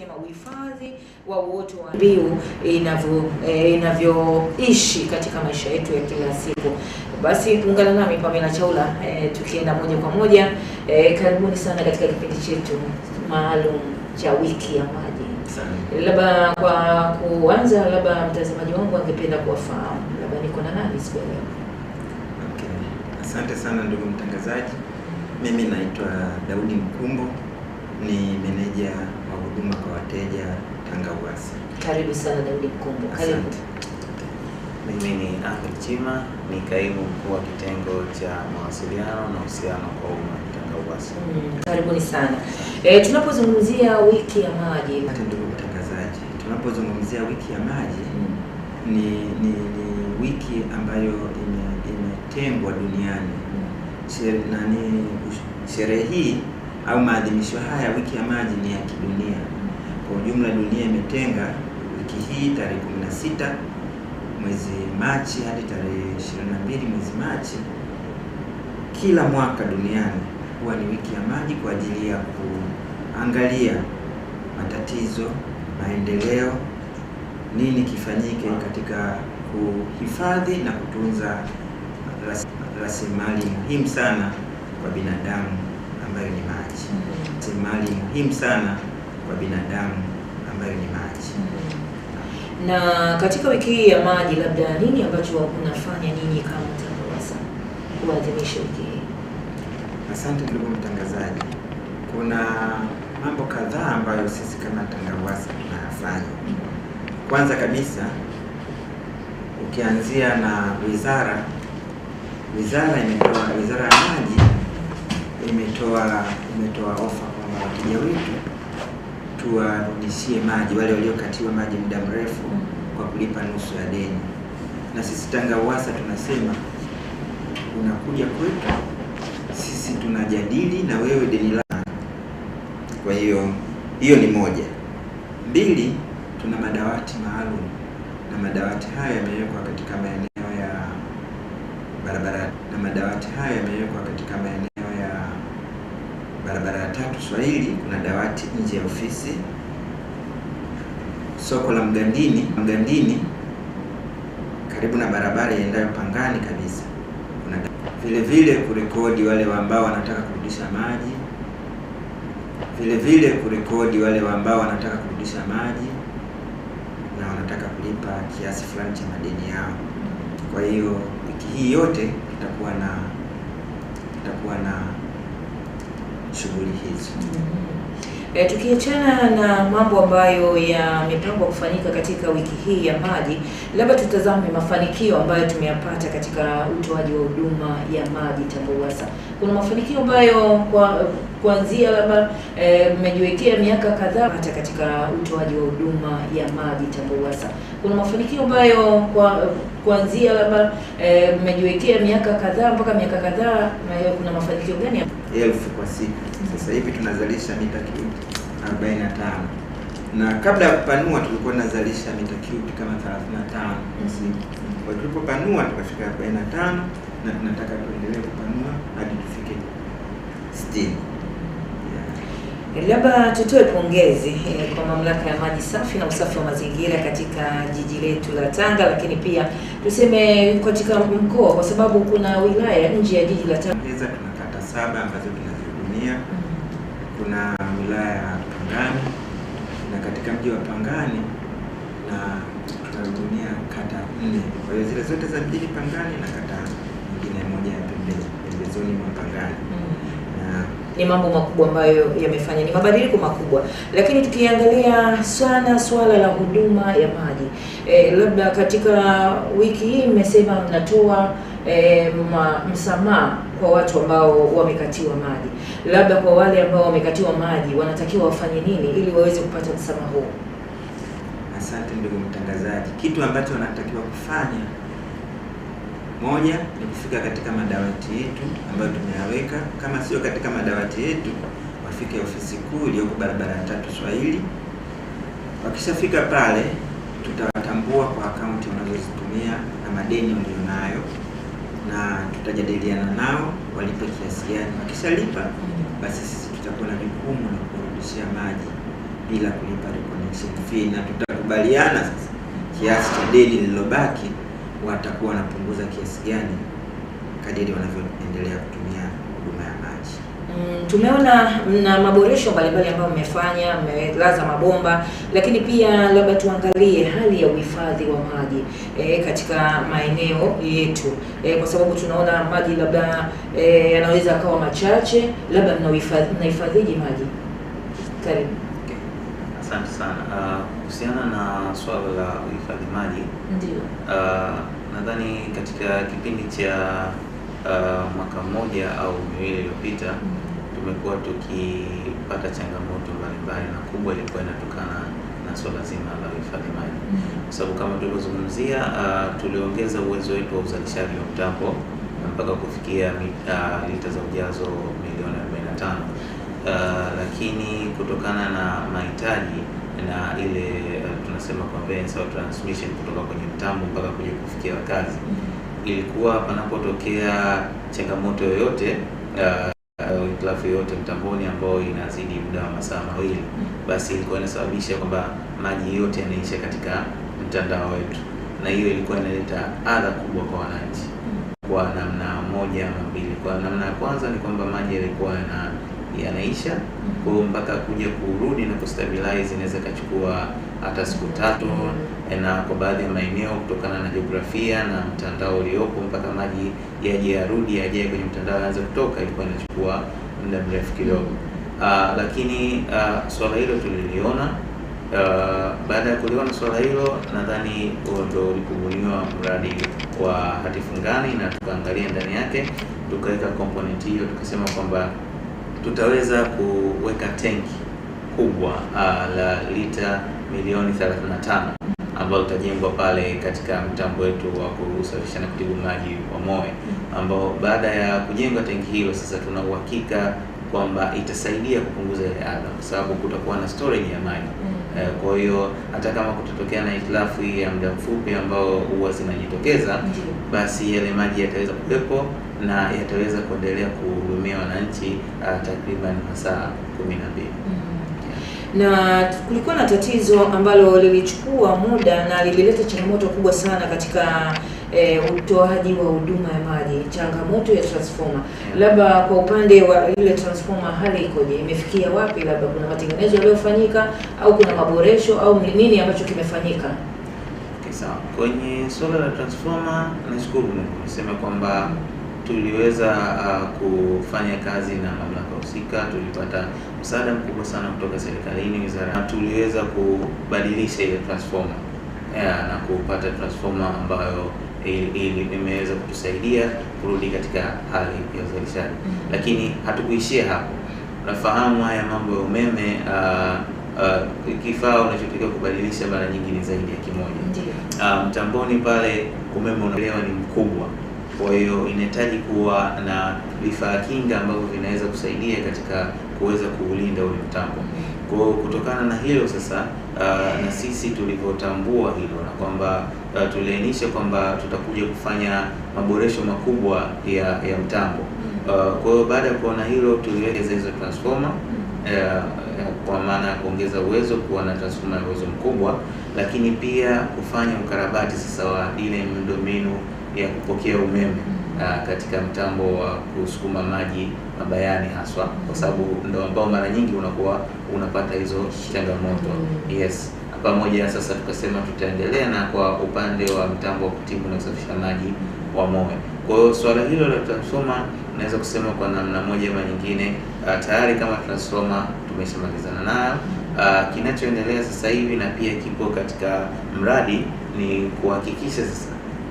sema uhifadhi wa uoto wa mbiu inavyo eh, inavyoishi katika maisha yetu ya kila siku. Basi ungana nami Pamela Chaula eh, tukienda moja kwa moja eh, karibuni sana katika kipindi chetu maalum cha wiki ya maji. Labda kwa kuanza, labda mtazamaji wangu angependa kuwafahamu, labda niko na nani siku ya leo? Okay. Asante sana ndugu mtangazaji, mimi naitwa Daudi Mkumbo, ni meneja huduma kwa wateja Tangauwasi. Karibu sana Daudi Mkumbo. Karibu. Mimi ni Ahmed Chima, ni kaimu mkuu wa kitengo cha mawasiliano na uhusiano kwa umma Tangauwasi. Mm, karibuni sana. Eh, tunapozungumzia wiki ya maji, ndugu mtangazaji, tunapozungumzia wiki ya maji mm. ni, ni, ni wiki ambayo imetengwa ime duniani mm. Shere, nani sherehe hii au maadhimisho haya wiki ya maji ni ya kidunia. Kwa ujumla, dunia imetenga wiki hii tarehe 16 mwezi Machi hadi tarehe 22 mwezi Machi. Kila mwaka duniani huwa ni wiki ya maji kwa ajili ya kuangalia matatizo, maendeleo, nini kifanyike katika kuhifadhi na kutunza rasilimali muhimu sana kwa binadamu ambayo ni maji maji mali muhimu sana kwa binadamu ambayo ni maji. Na katika wiki hii ya maji, labda nini ambacho unafanya ninyi kama TARUWASA kuadhimisha wiki hii? Asante ndugu mtangazaji, kuna mambo kadhaa ambayo sisi kama TARUWASA tunayafanya. Kwanza kabisa ukianzia na wizara, wizara imetoa, wizara ya maji imetoa imetoa ofa kwa wateja wetu tuwarudishie maji wale waliokatiwa maji muda mrefu kwa kulipa nusu ya deni, na sisi Tanga Uwasa tunasema unakuja kwetu sisi tunajadili na wewe deni lako. Kwa hiyo hiyo ni moja. Mbili, tuna madawati maalum na madawati haya yamewekwa katika maeneo ya barabara na madawati haya yamewekwa katika maeneo Kiswahili, kuna dawati nje ya ofisi. Soko la Mgandini, Mgandini karibu na barabara iendayo Pangani kabisa. Kuna vile vile kurekodi wale ambao wanataka kurudisha maji, vile vile kurekodi wale ambao wanataka kurudisha maji na wanataka kulipa kiasi fulani cha madeni yao. Kwa hiyo wiki hii yote tutakuwa na tutakuwa na shughuli hizi. E, tukiachana na mambo ambayo yamepangwa kufanyika katika wiki hii ya maji, labda tutazame mafanikio ambayo tumeyapata katika utoaji wa huduma ya maji TARUWASA kuna mafanikio ambayo kwa kuanzia labda eh, mmejiwekea e, miaka kadhaa hata katika utoaji wa huduma ya maji TARUWASA. Kuna mafanikio ambayo kwa kuanzia labda eh, mmejiwekea e, miaka kadhaa mpaka miaka kadhaa, na kuna mafanikio gani? Elfu kwa siku sasa hivi tunazalisha mita cube 45 na kabla ya kupanua tulikuwa tunazalisha mita cube kama 35 kwa siku. Kwa tulipopanua tukafika 45 na tunataka tuendelee kupanua hadi sitini. Labda tutoe pongezi eh, kwa mamlaka ya maji safi na usafi wa mazingira katika jiji letu la Tanga, lakini pia tuseme katika mkoa, kwa sababu kuna wilaya nje ya jiji la Tanga. Tuna kata saba ambazo tunazihudumia. Kuna wilaya ya Pangani na katika mji wa Pangani na tunahudumia kata nne, kwa hiyo zile zote za mjini Pangani na ni mambo makubwa ambayo yamefanya, ni mabadiliko makubwa. Lakini tukiangalia sana swala la huduma ya maji e, labda katika wiki hii mmesema mnatoa e, msamaha kwa watu ambao wamekatiwa maji, labda kwa wale ambao wamekatiwa maji wanatakiwa wafanye nini ili waweze kupata msamaha huo Asante ndugu mtangazaji, kitu ambacho wanatakiwa kufanya moja ni kufika katika madawati yetu ambayo tumeyaweka, kama sio katika madawati yetu wafike ofisi kuu iliyoko barabara ya tatu Swahili. Wakishafika pale, tutawatambua kwa akaunti unazozitumia na madeni walionayo, na tutajadiliana nao walipe kiasi gani. Wakishalipa basi sisi tutakuwa na jukumu la kurudishia maji bila kulipa reconnection fee, na tutakubaliana sasa kiasi cha deni lililobaki watakuwa wanapunguza kiasi gani kadiri wanavyoendelea kutumia huduma ya maji. Mm, tumeona na maboresho mbalimbali ambayo mmefanya, mmelaza mabomba, lakini pia labda tuangalie hali ya uhifadhi wa maji e, katika maeneo yetu e, kwa sababu tunaona maji labda e, yanaweza akawa machache, labda mnahifadhiji maji? Karibu. Okay. Asante sana ah, kuhusiana na swala la uhifadhi maji ndio uh, nadhani katika kipindi cha uh, mwaka mmoja au miwili iliyopita tumekuwa tukipata changamoto mbalimbali na kubwa ilikuwa inatokana na swala zima la uhifadhi maji kwa sababu kama tulivyozungumzia, uh, tuliongeza uwezo wetu wa uzalishaji wa mtambo mpaka kufikia uh, lita za ujazo milioni 45 uh, lakini kutokana na mahitaji na ile eh, tunasema conveyance au transmission kutoka kwenye mtambo mpaka kwenye kufikia wakazi. Mm-hmm. Ilikuwa panapotokea changamoto yoyote eh, hitilafu uh, yoyote mtamboni ambayo inazidi muda wa masaa mawili, mm-hmm. basi ilikuwa inasababisha kwamba maji yote yanaisha katika mtandao wetu, na hiyo ilikuwa inaleta adha kubwa kwa wananchi mm-hmm. kwa namna moja ama mbili. Kwa namna ya kwanza ni kwamba maji yalikuwa yanaisha kwa hiyo mpaka kuja kurudi na kustabilize inaweza kachukua hata siku tatu, na kwa baadhi ya maeneo kutokana na jiografia na mtandao uliopo, mpaka maji yaje yarudi yaje kwenye mtandao yaanze kutoka, ilikuwa inachukua muda mrefu kidogo. Uh, lakini uh, swala hilo tuliliona. Uh, baada ya kuliona swala hilo, nadhani ndio ulikubuniwa mradi wa hati fungani na tukaangalia ndani yake tukaweka component hiyo, tukasema kwamba tutaweza kuweka tenki kubwa uh, la lita milioni 35 ambalo utajengwa pale katika mtambo wetu wa kusafisha na kutibu maji wa Moe, ambao baada ya kujengwa tenki hilo sasa tuna uhakika kwamba itasaidia kupunguza ile adha, kwa sababu kutakuwa na storage ya maji mm. Eh, kwa hiyo hata kama kutatokea na hitilafu hii ya muda mfupi ambao huwa zinajitokeza, basi yale maji yataweza kuwepo na yataweza kuendelea kuhudumia wananchi uh, takriban masaa kumi na mbili mm-hmm. na kulikuwa na tatizo ambalo lilichukua muda na lilileta changamoto kubwa sana katika e, utoaji wa huduma ya maji, changamoto ya transformer. Labda kwa upande wa ile transformer hali ikoje, imefikia wapi? Labda kuna matengenezo yaliyofanyika au kuna maboresho au nini ambacho kimefanyika? Okay, sawa. Kwenye suala la transformer, nashukuru Mungu, niseme kwamba mm tuliweza uh, kufanya kazi na mamlaka husika, tulipata msaada mkubwa sana kutoka serikalini, wizara, na tuliweza kubadilisha ile transformer yeah, na kupata transformer ambayo imeweza kutusaidia kurudi katika hali ya uzalishaji mm -hmm. Lakini hatukuishia hapo. Unafahamu haya mambo ya umeme uh, uh, kifaa unachotakiwa kubadilisha mara nyingi ni zaidi ya kimoja. Uh, mtamboni um, pale umeme unalewa ni mkubwa kwa hiyo inahitaji kuwa na vifaa kinga ambavyo vinaweza kusaidia katika kuweza kuulinda ule mtambo. Kwa hiyo kutokana na hilo sasa, uh, na sisi tulivyotambua hilo na kwamba uh, ah, tuliainisha kwamba tutakuja kufanya maboresho makubwa ya ya mtambo uh, kwa hiyo baada ya kuona hilo tuliwekeza hizo transformer kwa maana ya kuongeza uwezo, kuwa na transformer ya uwezo mkubwa, lakini pia kufanya ukarabati sasa wa ile miundombinu ya kupokea umeme uh, katika mtambo wa kusukuma maji mabayani haswa, kwa sababu ndo ambao mara nyingi unakuwa unapata hizo changamoto yes. Pamoja sasa, tukasema tutaendelea na kwa upande wa mtambo wa kutibu na kusafisha maji wa Moe. Kwa hiyo swala hilo la transformer naweza kusema kwa namna moja ama nyingine, uh, tayari kama transformer tumeshamalizana nayo. Uh, kinachoendelea sasa hivi na pia kipo katika mradi ni kuhakikisha sasa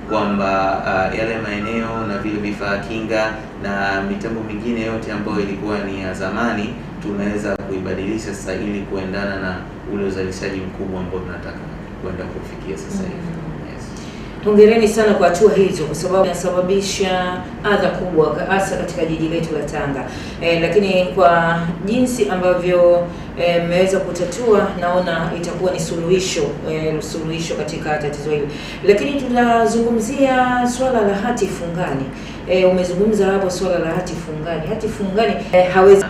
kwamba uh, yale maeneo na vile vifaa kinga na mitambo mingine yote ambayo ilikuwa ni ya zamani tunaweza kuibadilisha sasa ili kuendana na ule uzalishaji mkubwa ambao tunataka kwenda kufikia sasa hivi. Hongereni sana kwa hatua hizo, kwa sababu inasababisha adha kubwa hasa katika jiji letu la Tanga. E, lakini kwa jinsi ambavyo e, mmeweza e, kutatua, naona itakuwa ni suluhisho e, suluhisho katika tatizo hili. Lakini tunazungumzia swala la hati fungani. E, umezungumza hapo swala la hati fungani. Hati fungani e, hawezi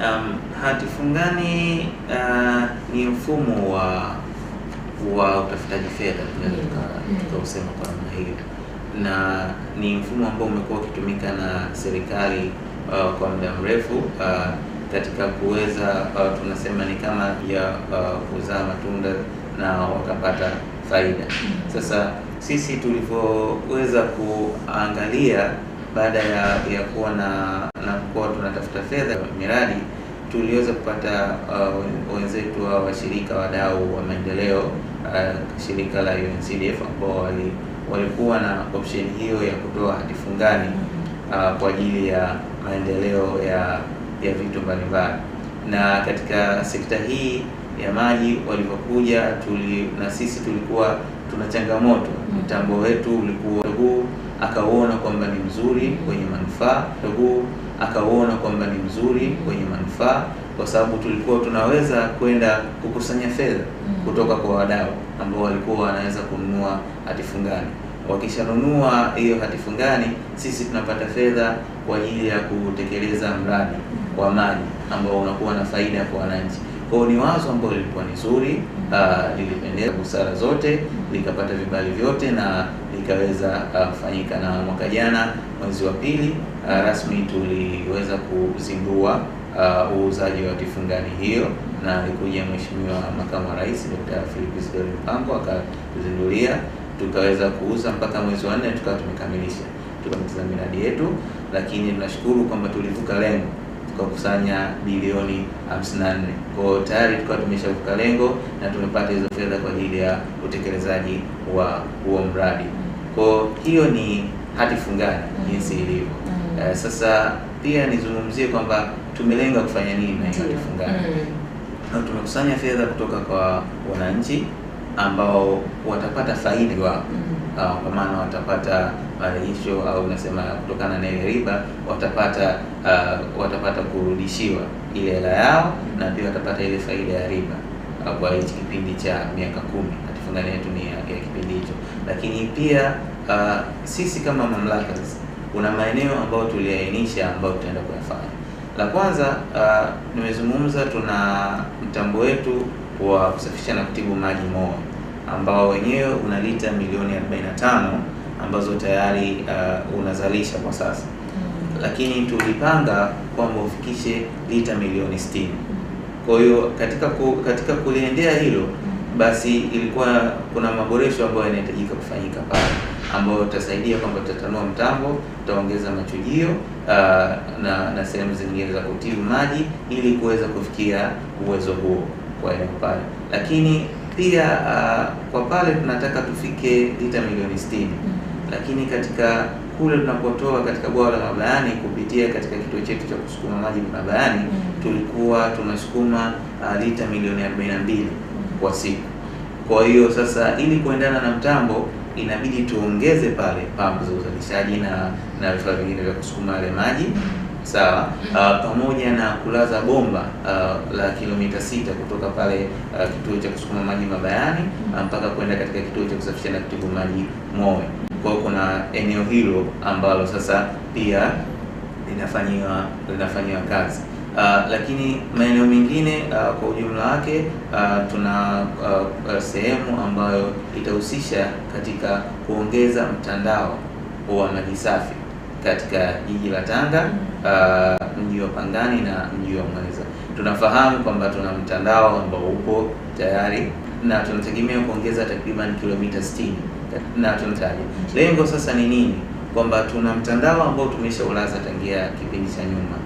um, hati fungani uh, ni mfumo wa wa utafutaji fedha tunaweza tukausema mm. mm. kwa namna hiyo, na ni mfumo ambao umekuwa ukitumika na serikali uh, kwa muda mrefu uh, katika kuweza uh, tunasema ni kama ya uh, kuzaa uh, matunda na wakapata faida. Mm. Sasa sisi tulivyoweza kuangalia baada ya ya kuwa na na kuwa tunatafuta fedha miradi, tuliweza kupata uh, wenzetu wa washirika wadau wa maendeleo shirika la UNCDF ambao wali, walikuwa na option hiyo ya kutoa hati fungani mm-hmm. uh, kwa ajili ya maendeleo ya ya vitu mbalimbali, na katika sekta hii ya maji walivyokuja tuli, na sisi tulikuwa tuna changamoto, mm-hmm. mtambo wetu ulikuwa huu, akauona kwamba ni mzuri kwenye manufaa huu, akauona kwamba ni mzuri kwenye manufaa kwa sababu tulikuwa tunaweza kwenda kukusanya fedha mm. kutoka kwa wadau ambao walikuwa wanaweza kununua hati fungani. Wakishanunua hiyo hati fungani, sisi tunapata fedha kwa ajili ya kutekeleza mradi wa mm. maji ambao unakuwa na faida kwa wananchi. Kwa hiyo ni wazo ambalo lilikuwa ni zuri, mm. ah, lilipendeza busara zote, mm. likapata vibali vyote na likaweza ah, kufanyika, na mwaka jana mwezi wa pili ah, rasmi tuliweza kuzindua Uh, uuzaji uh, wa tifungani hiyo, na alikuja Mheshimiwa Makamu wa Rais Dr. Philip Isdor Mpango akazindulia, tukaweza kuuza mpaka mwezi wa nne tukawa tumekamilisha tukaanza miradi yetu, lakini tunashukuru kwamba tulivuka lengo tukakusanya bilioni 54. Kwa hiyo tayari tukawa tumeshavuka lengo na tumepata hizo fedha kwa ajili ya utekelezaji wa huo mradi. Kwa hiyo ni hati fungani jinsi ilivyo. Uh, sasa pia nizungumzie kwamba tumelenga kufanya nini na hiyo tufungane. Mm. Tumekusanya fedha kutoka kwa wananchi ambao watapata faida wao mm. uh, kwa maana watapata marejesho au unasema kutokana na ile riba watapata uh, watapata kurudishiwa ile hela yao mm. na pia watapata ile faida ya riba uh, kwa hichi kipindi cha miaka kumi atufungani yetu ni ya, ya kipindi hicho, lakini pia uh, sisi kama mamlaka kuna maeneo ambayo tuliainisha ambayo tutaenda kuyafanya la kwanza uh, nimezungumza tuna mtambo wetu wa kusafisha na kutibu maji MOA ambao wenyewe una lita milioni 45 ambazo tayari uh, unazalisha kwa sasa mm. Lakini tulipanga kwamba ufikishe lita milioni 60. Mm. Kwa hiyo katika ku, katika kuliendea hilo mm. basi ilikuwa kuna maboresho ambayo yanahitajika kufanyika pale ambayo utasaidia kwamba tutatanua mtambo, tutaongeza machujio Uh, na, na sehemu zingine za kutibu maji ili kuweza kufikia uwezo huo kwa eneo pale, lakini pia uh, kwa pale tunataka tufike lita milioni mm. lakini katika kule tunapotoa katika bwawa la Mabayani kupitia katika kituo chetu cha kusukuma maji Mabayani, mm. tulikuwa tunasukuma uh, lita milioni 42 kwa siku. Mm. Kwa hiyo sasa, ili kuendana na mtambo inabidi tuongeze pale pampu za uzalishaji na na vifaa vingine vya kusukuma yale maji sawa, uh, pamoja na kulaza bomba uh, la kilomita sita kutoka pale uh, kituo cha kusukuma maji Mabayani mm-hmm. mpaka kwenda katika kituo cha kusafisha na kutibu maji moyo Kwa hiyo kuna eneo hilo ambalo sasa pia linafanyiwa linafanyiwa kazi. Uh, lakini maeneo mengine uh, kwa ujumla wake uh, tuna uh, uh, sehemu ambayo itahusisha katika kuongeza mtandao wa maji safi katika jiji la Tanga mm. uh, mji wa Pangani na mji wa Mweza. Tunafahamu kwamba tuna mtandao ambao upo tayari na tunategemea kuongeza takriban kilomita 60 na tunataja mm. lengo sasa ni nini, kwamba tuna mtandao ambao tumeshaulaza tangia kipindi cha nyuma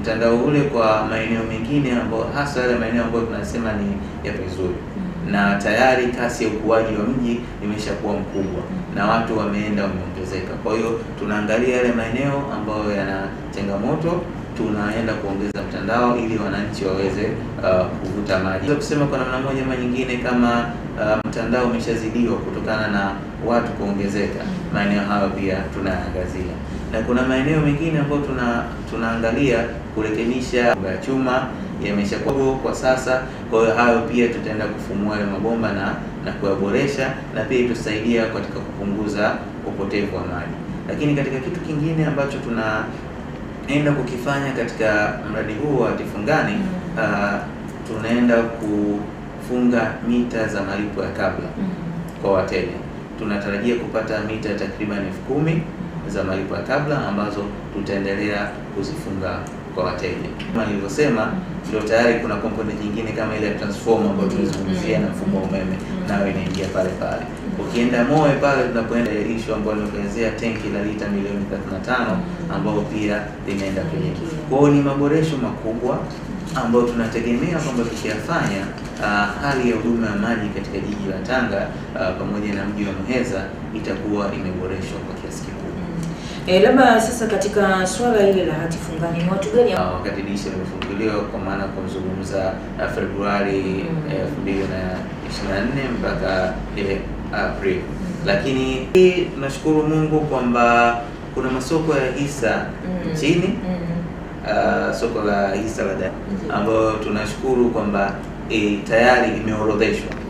mtandao ule kwa maeneo mengine ambayo hasa yale maeneo ambayo tunasema ni ya vizuri mm-hmm. na tayari kasi ya ukuaji wa mji imeshakuwa mkubwa mm-hmm. na watu wameenda wameongezeka. Kwa hiyo tunaangalia yale maeneo ambayo yana changamoto, tunaenda kuongeza mtandao ili wananchi waweze uh, kuvuta maji. Kusema kwa namna moja ama nyingine, kama uh, mtandao umeshazidiwa kutokana na watu kuongezeka, mm-hmm. maeneo hayo pia tunaangazia na kuna maeneo mengine ambayo tuna tunaangalia kurekebisha ya chuma yameshakuwa kwa sasa. Kwa hiyo hayo pia tutaenda kufumua yale mabomba na na kuyaboresha, na pia itusaidia katika kupunguza upotevu wa maji. Lakini katika kitu kingine ambacho tunaenda kukifanya katika mradi huu wa Tifungani, uh, tunaenda kufunga mita za malipo ya kabla mm. kwa wateja. Tunatarajia kupata mita takriban elfu kumi za malipo ya kabla ambazo tutaendelea kuzifunga kwa wateja. Kama nilivyosema, ndio tayari kuna component nyingine kama ile ya transformer ambayo tulizungumzia na mfumo wa umeme, nayo inaingia pale pale. Ukienda Moe pale tunapoenda issue ambayo inaongezea tenki la lita milioni 35 ambayo pia linaenda kwenye. Kwa hiyo ni maboresho makubwa ambayo tunategemea kwamba tukiyafanya, uh, hali ya huduma ya maji katika jiji la Tanga uh, pamoja na mji wa Muheza itakuwa imeboreshwa kwa kiasi kikubwa. E, labda sasa katika swala ile la hati fungani ni watu gani ah, wakati dirisha limefunguliwa kwa maana kumzungumza ah, Februari mm. eh, elfu na mpaka ile eh, April mm. Lakini nashukuru Mungu kwamba kuna masoko ya hisa mm. nchini mm. hmm. uh, soko la hisa la ambayo tunashukuru kwamba e, tayari imeorodheshwa